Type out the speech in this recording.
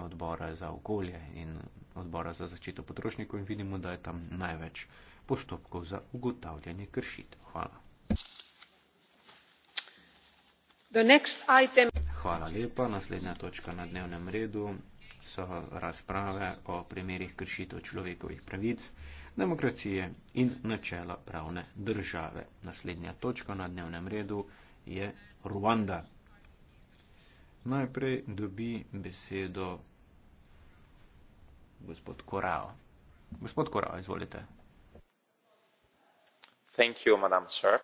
odbora za okolje in odbora za zaščito potrošnikov in vidimo, da je tam največ postopkov za ugotavljanje kršitev. Hvala. Hvala lepa. Naslednja točka na dnevnem redu so razprave o primerih kršitev človekovih pravic, demokracije in načela pravne države. Naslednja točka na dnevnem redu je Ruanda. Najprej dobi besedo gospod Korao. Gospod Korao, izvolite. Thank you, Madam Chair.